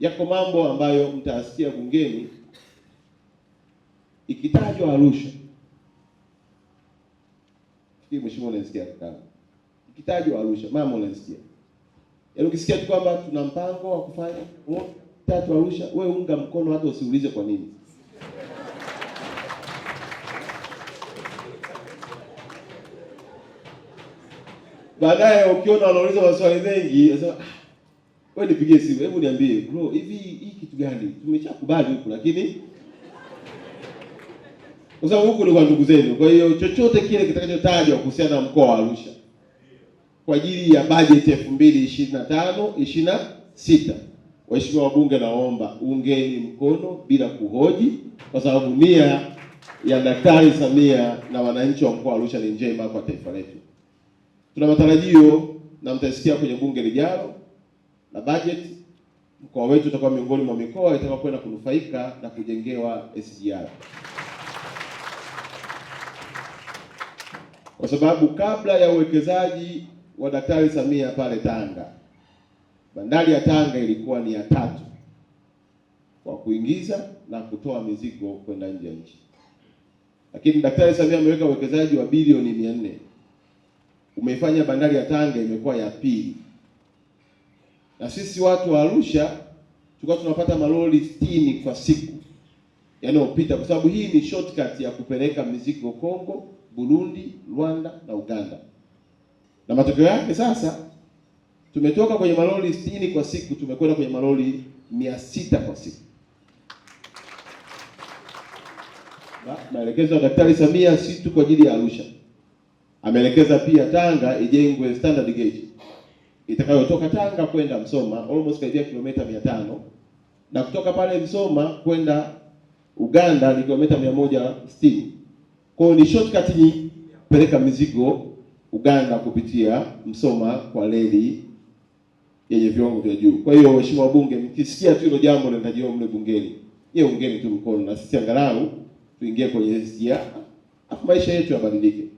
Yako mambo ambayo mtayasikia bungeni ikitajwa Arusha, fikiri mheshimiwa, unasikia kaka, ikitajwa Arusha mama, unasikia yaani, ukisikia tu kwamba tuna mpango wa kufanya oh, tatu Arusha, wewe unga mkono, hata usiulize kwa nini. Baadaye ukiona wanauliza maswali mengi ah, wewe nipigie simu, hebu niambie bro, hivi hii kitu gani? Tumeshakubali huku, lakini kwa sababu huku ni kwa ndugu zenu, kwa hiyo chochote kile kitakachotajwa kuhusiana na mkoa wa Arusha kwa ajili ya bajeti elfu mbili ishirini na tano ishirini na sita waheshimiwa wabunge, naomba ungeni mkono bila kuhoji, kwa sababu nia ya Daktari Samia na wananchi wa mkoa wa Arusha ni njema kwa taifa letu. Tuna matarajio na mtasikia kwenye bunge lijalo na bajeti, mkoa wetu utakuwa miongoni mwa mikoa itakayokwenda kunufaika na kujengewa SGR, kwa sababu kabla ya uwekezaji wa Daktari Samia pale Tanga, bandari ya Tanga ilikuwa ni ya tatu kwa kuingiza na kutoa mizigo kwenda nje ya nchi, lakini Daktari Samia ameweka uwekezaji wa bilioni mia nne umeifanya bandari ya Tanga imekuwa ya pili na sisi watu wa Arusha tulikuwa tunapata malori sitini kwa siku yanayopita, kwa sababu hii ni shortcut ya kupeleka mizigo Kongo, Burundi, Rwanda na Uganda. Na matokeo yake sasa tumetoka kwenye malori sitini kwa siku tumekwenda kwenye malori mia sita kwa siku. Maelekezo ya Daktari Samia si tu kwa ajili ya Arusha, ameelekeza pia Tanga ijengwe standard gauge itakayotoka Tanga kwenda Msoma almost karibia kilomita mia tano na kutoka pale Msoma kwenda Uganda ni kilomita mia moja sitini. Kwa ni shortcut ni peleka mizigo Uganda kupitia Msoma kwa reli yenye viwango vya juu. Kwa hiyo waheshimiwa wabunge, mkisikia tu hilo jambo linajiwa mle bungeni, ye ungeni tu mkono na sisi angalau tuingie kwenye SGR afu maisha yetu yabadilike.